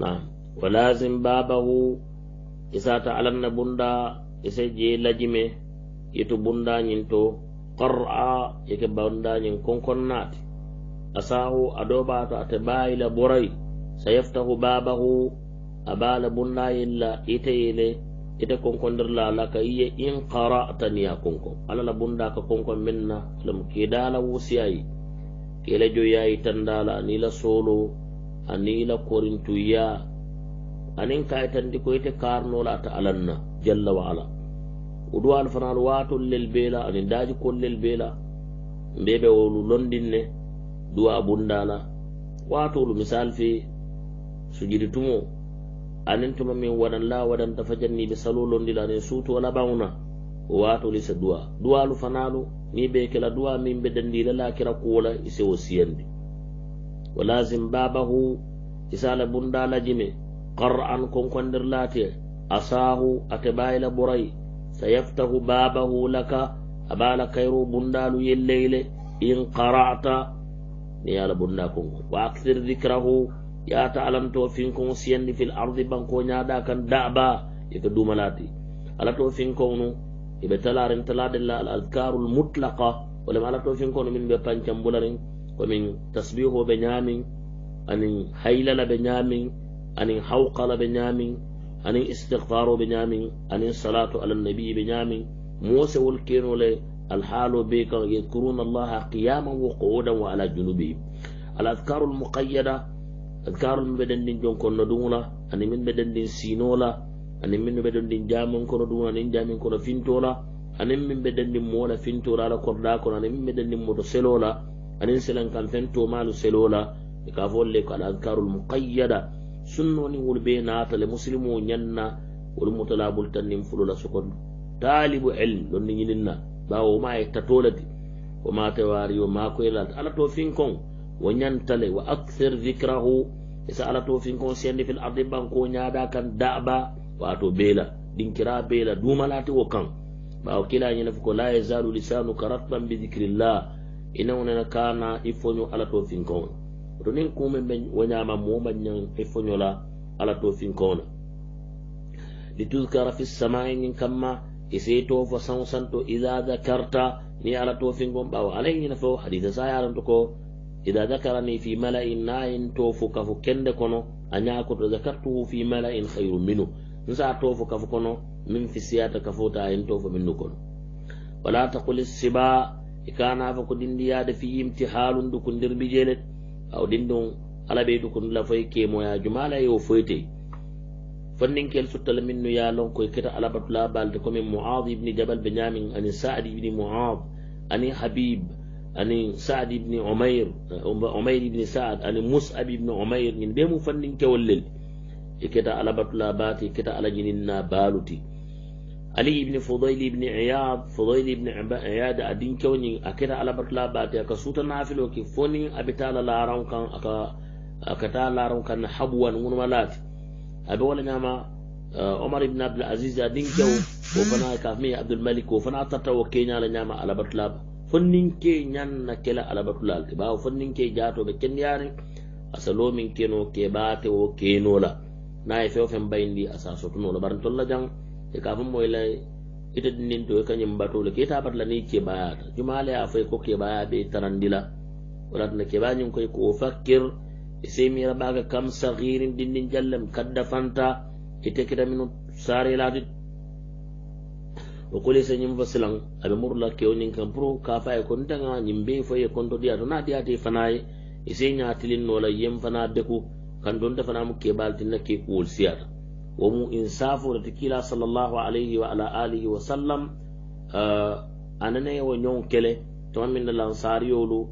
nam wa lasim babahu isata e alanna bunda ise e je lajime yeto bundañin to qara yeke bundañin konkonnaati asahu aɗoɓato ate bayila boray sayaftahu babahu abala bundayilla iteyele ite konkodirla ala ka yiye in qara'ta niya konkon alala bunda ka konkon menna lam kedala wusiyayi kele joyayi tandala nila solo anila korintuya anin kayitandi koyite karnola ata alanna jalla wa ala udu alfanal watol lel bela ani daji kollel bela mbeɓe wolu londinne duwa bundala watolu misal fe sujidi tumo anin tuma min waɗan la waɗanta fajanniɓe salo londila anin suutu ala bawna o watoli se duwa duwalu fanalu ni ɓe kela duwa min ɓe dandila lakira kuwola isewo siyandi ولازم بابه إسالة بندا لجمي قرعا كونكوندر لاتي أساه أتبايل بري سيفتح بابه لك أبال كيرو بندا لي الليل إن قرعت نيال بندا بنداكم وأكثر ذكره يا تعلم توفين توفينكم سيند في الأرض بانكو نادا كان دعبا يكدوم لاتي ألا توفينكم يبتلارن تلاد الأذكار المطلقة ولم ألا توفينكم من ببانشام بولارين ومن تسبيح بنيامين أن حيلل بنيامين أن حوقل بنيامين أن استغفار بنيامين أن صلاة على النبي بنيامين موسى والكين الحال بيك يذكرون الله قياما وقعودا وعلى جنوبهم الأذكار المقيدة أذكار من بدن دين كون ندونا أن من بدن دين سينولا أن من بدن دين جامن كون ندونا أن جامن كون فينتولا أن من بدن دين مولا فينتولا لكورداكونا أن من بدن دين مدسلولا anin silan kanfen tomalu selola e ka folle ko al adkarul muqayyada sunnoni wol be naatale musilimo ñanna wol mutalabul tannin fulula sokondo talibu ilm ɗon ni ñininna ɓawo ma e tatolati o ma tewari yo mako elata ala to finkon wo ñantale wa akthir dicrahu e ala to finkon sendi fil ardi banko ñaada kan daɓa wato beela ɗinkira beela dumalati wo kan ɓawo kila ñinafi ko la yazalu lisanuka ratban bi dicrillah ina wonena kana i foño ala to finkowna to nin kume be woñama momañan i foñola ala to finkowna li tuskara fi samai nin kamma isi to fo sansanto ida dakarta ni ala to finkon ɓawo alay ñina fo hadisa sa yaranto ko ida dakarani fi malain nayin to fo kafo kende kono a ñakoto dakartuhu fi malain hayru minu nsa to fo kafo kono min fi siyata kafota yin to fo minnu kono wala taqul siba e kanafa ko ɗin ndiyaade fi yimti haalundu ko nder mbijeele aw ɗin ɗum ala ɓeyɗu ko ndula foye kemoyaju maala e o foytey fanninkel suttal min no yaalon koye keta alabatula balde komin moad ibni jabal ɓe ñamin ani saad ibni moad ani habib ani saad ibni omar omar ibni saad ani musab ibni omar ñin ɓe mu fanninkewol lel e keta alabatula baati e keta alañinin na baaluti ali ibn fudayl ibn iyad fudayl ibn iyad adin kewni akira alabatla bate ka suta nafilo ki foni abitala laran kan aka akata laran kan habwan wurmalati abe wala nyama umar ibn abdul aziz adin kew ko fana ka mi abdul malik ko fana tata wo kenya la nyama alabatla fonnin ke nyan na kela alabatla ba fonnin ke jato be kenyare asalo min keno ke bate wo kenola na ye fewo fen bayindi asa sotunola barantolla jang e ka fo moyla ite dinintu e kañum batole keta batla ni keɓayata jumale a foy ko keɓaya ɓe tarandila walatna keɓañum koy ko fakkir e semira ɓaga kam sahirin dinnin jallem kadda fanta e tekitamino sare lati o kolise ñim fa silan aɓe murla kewnin kam pour ka fa e kontaga ñim be foye konto ɗiya tona diyate fanaye e se ñatilinnola yem fana beku kan donta fanamu keɓal tinna ke kuwol siyata ومو إنصافه لتكيلا صلى الله عليه وعلى آله وسلم آه، أنا نيا ونيون كله تمام من الأنصار يولو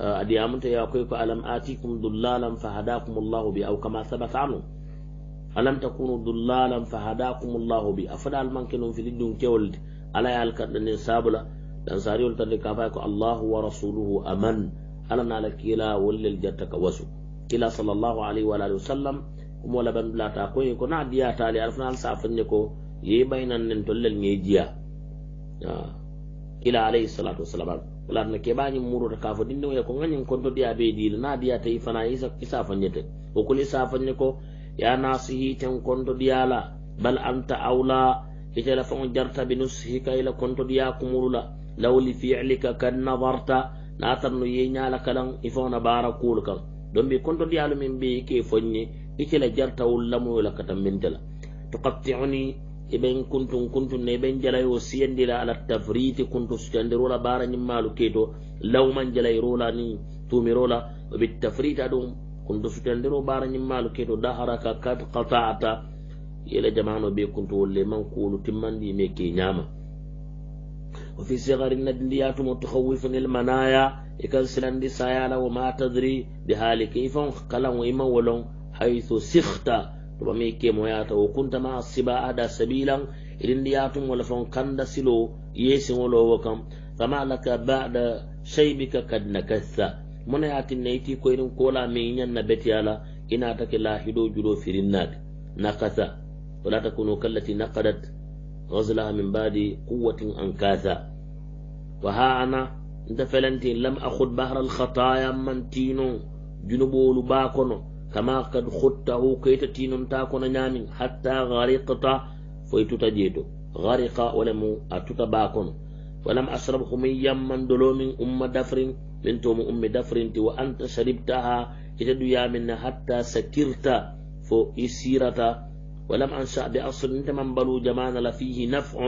آه، أدي أمنت يا أخيك ألم آتيكم ضلالا فهداكم الله بي أو كما ثبت عنه ألم تكونوا ضلالا فهداكم الله بي أفضل المنكن في لدن كولد ألا يالك الإنصاب لا الأنصار يولو تنكافيك الله ورسوله أمن ألم نالك إلا ولل جاتك وسو كلا صلى الله عليه وآله وسلم kumola ban blata ko ye ko na diya tali arfana al safan ne ko ye bayinan nen tollel ne jiya ila alayhi salatu wassalam wala na ke bani muru ta kafo dinne ko ganyin ko to diya be dil na diya ta ifana isa isa fanye te ko kuli safan ne ko ya nasihi tan ko to diyala bal anta aula ite la fa jarta bi nusihi ka ila ko to diya kumurula lawli fi'lika kan nadarta na tanu ye nyala kalan ifona barakul kan dombi ko to diyalu min be ke fonye إكلا جرت أول لمو لك تمن جلا تقطعني إبن كنت كنت نبن جلا يوسين دلا على التفريط كنت سجند رولا بارا نمالو كيدو لو من جلا يرولا ني تومي رولا وبالتفريط أدوم كنت سجند رولا بارا نمالو كيدو دهرك قد قطعت إلى جمعنا بي كنت ولي من قولو تمن دي ميكي نعم وفي صغر الندليات متخوف المنايا إكسلن دي سايالا وما تدري بهالي كيفان قلن وإما ولون haythu sikhta to ɓami kemo yata wo ada sabilan iɗindi yatum wala fon kanda silo yesiŋolowo wakam fama laka bada shaybika kad nakatha mona yatinna ko irin kola min yanna ina ta ke lahido julo firinnati nakatha wala takunu kallati nakadat غزلها من بعد قوة أنكاثا وها أنا انت فلنتين لم أخذ بحر الخطايا من تينو جنوبو لباكونو كما قد خطه كيت تينون تاكون نامي حتى غرقت فيتوتا جيتو غرق ولم أتوتا باكون ولم أشربه من يمن دلومين أم دفرين من توم أم دفرين تي وأنت شربتها إتدو يامن حتى سكرت فو إسيرة ولم أنشأ بأصل أنت من بلو جمان لفيه نفع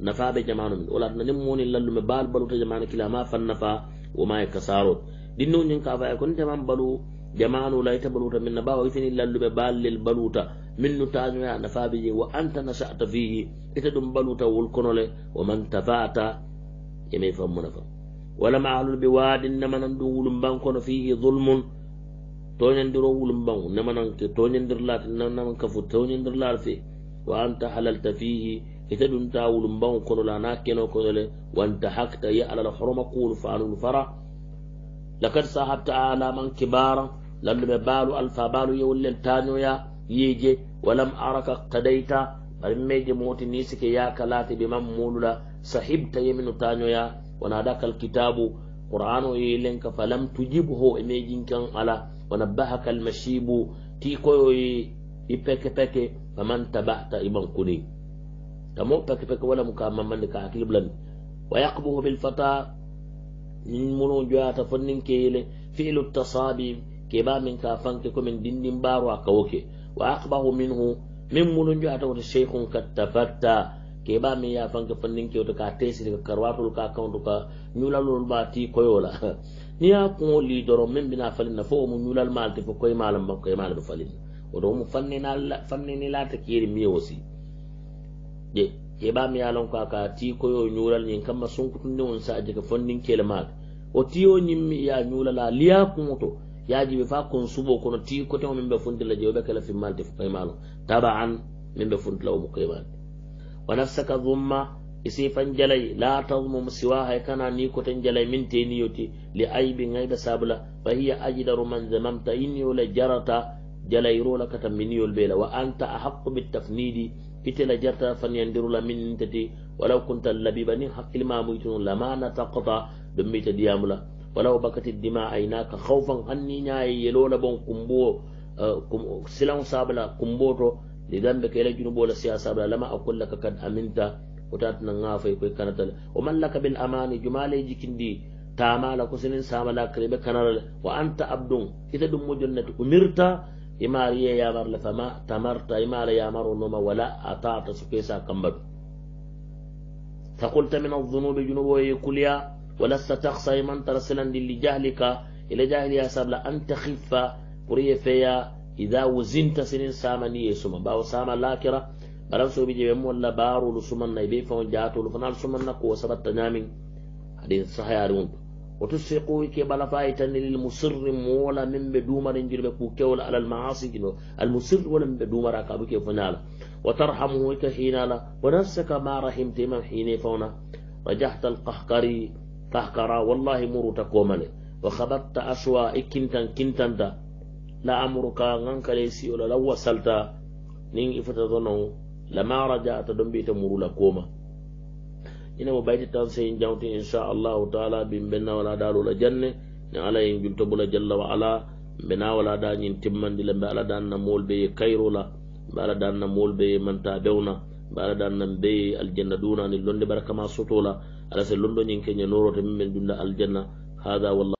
نفع بجمان من ولا نمون إلا لما بال بلو جمان كلا ما فالنفع وما يكسارو دينو نينكا فايكون من بلو jamanu la ita baluta min nabawo itini lallu be ballil baluta min nu tañu ya nafa bi je wa anta nasata fihi ita dum baluta wol kono le wa man tafata yeme fam munafa wala ma ahlul bi wadin namanan dum wulum ban kono fihi zulmun toñandiro wulum ban namanan ke toñandir lat namanan ka fu toñandir lat fi wa anta halalta fihi ita dum ta wulum ban kono la na keno kono le wa anta hakta ya ala al hurma qul fa anul fara لقد صاحبت على من كبارا لن بالو ألفا بالو يولن يا ييجي ولم أرك قديتا برميج موتي نيسك يا كلاتي بمن مولولا صحبت يمن تانويا وناداك الكتاب قرآن يلنك فلم تجبه إميجين كان على ونبهك المشيب تي كوي يبك بك فمن تبعت إمن كني تمو بك بك ولا مكامن من كاكل بلن ويقبه بالفتى من منو جواتا فنن كيلي فعل التصابيم keɓa min ka fanke komin dindin baro a kawoke wa akbahu minhu min muno joata wote cheikhun kattafatta keɓa min ya fanke fanninke wote ka tesitika karwatol ka kawto ka ñulalol ma ti koyola ni ya kuŋo li doron min bina falinna fo omu ñulal malte fo koye malam ma koye malaɓe falinna woto omu fannini lata kiyeri miye wosi e keɓa mi ya lonko a ka ti koyo ñulal ñin kamma sunkutundi on sajika fanninkele maka o tiyo ñimmi ya ñulala liya kuŋo to yaji yajibe fa kon subo kono ti ko o min be funtila je oɓe kala fi fimmalde koymalo malo taban min be ɓe funtila omo koymalde wa nafsaka dhumma isifan jalay la tazmum siwaha e kana ni ko koten jalay min yoti li aybi ngayda sabla fa hiya ajdaru man zamamta inniyole jarata jalay jalayrola kata yol bela wa anta ahq bit tafnidi itela jarta fan yandiru la min tati ولو كنت labiba ni hakkilma muytunun لما nataqata ɗum mbita ولو بكت الدماء عيناك خوفا أني ناي يلون بون كمبو آه، سلام سابلا كمبوتو لذنبك إلى جنوب ولا سياسة لما أقول لك قد أمنت وتاتنا نافي كوي كانت ومن لك بالأمان جمالي جكندي تاما لك سنين ساما كريبة كانت وأنت عبد إذا دم جنة أمرت إمارية يا مر لفما تمرت إمارة يا مر نوما ولا أطعت سكيسا كمبر فقلت من الذنوب جنوب ويكوليا ولست تخصى من ترسلا لجهلك إلى جاهل يا سبلا أن تخف بري فيا إذا وزنت سنين ساما نيسوما باو ساما لاكرة بلان سو بيجي بمول بارو لسومن نيبي فون جاتو لفنال سومن نكو وسبت تنامين هذه صحيح رونت وتسيقوا كي بلا فايتن للمصر مولا من بدومر جرب كوكول على المعاصي جنو المصر ولا من بدومر كابك فنالا وترحمه كحينالا ونفسك ما رحمت من حين فونا رجحت القهقري tahkara wallahi muruta komane wa habatta aswa i kintan kintanta la amuruka ŋan kale siyola la wasalta nin ifata donon lama rajata don bita murula koma ina mo bayti tan sen jawti inchallahu taala bin benna wala dalola janne ni ala en jultobula jalla wa ala mbena wala da ñin timmandi le mbe ala danna mool be ye kayrola mbe ala danna mool be ye manta bewna baradan nan be aljanna dunani londe baraka ma sotola ala se londo nyin kenya norote min dunda aljanna hada wallah